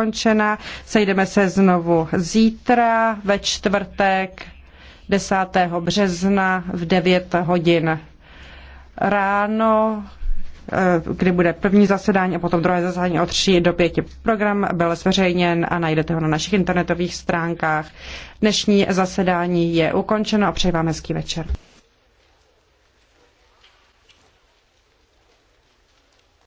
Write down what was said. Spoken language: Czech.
ukončena. Sejdeme se znovu zítra ve čtvrtek 10. března v 9 hodin ráno eh, kdy bude první zasedání a potom druhé zasedání od 3 do 5. Program byl zveřejněn a najdete ho na našich internetových stránkách. Dnešní zasedání je ukončeno a přeji vám hezký večer.